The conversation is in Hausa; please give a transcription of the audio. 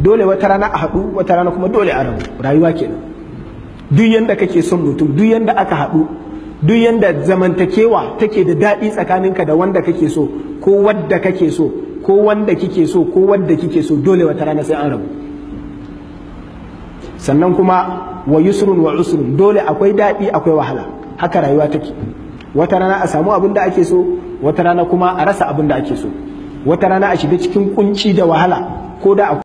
dole wata rana a haɗu wata rana kuma dole a rabu rayuwa kenan duk yanda kake son mutum duk yanda aka haɗu duk yanda zamantakewa take da daɗi tsakaninka da wanda kake so ko wadda kake so ko wanda kike so ko wadda kike so dole wata rana sai an rabu sannan kuma wa yusrun wa usrun dole akwai daɗi akwai wahala haka rayuwa take wata rana a samu abin da ake so wata rana kuma a rasa abin da ake so wata rana a shiga cikin kunci da wahala ko da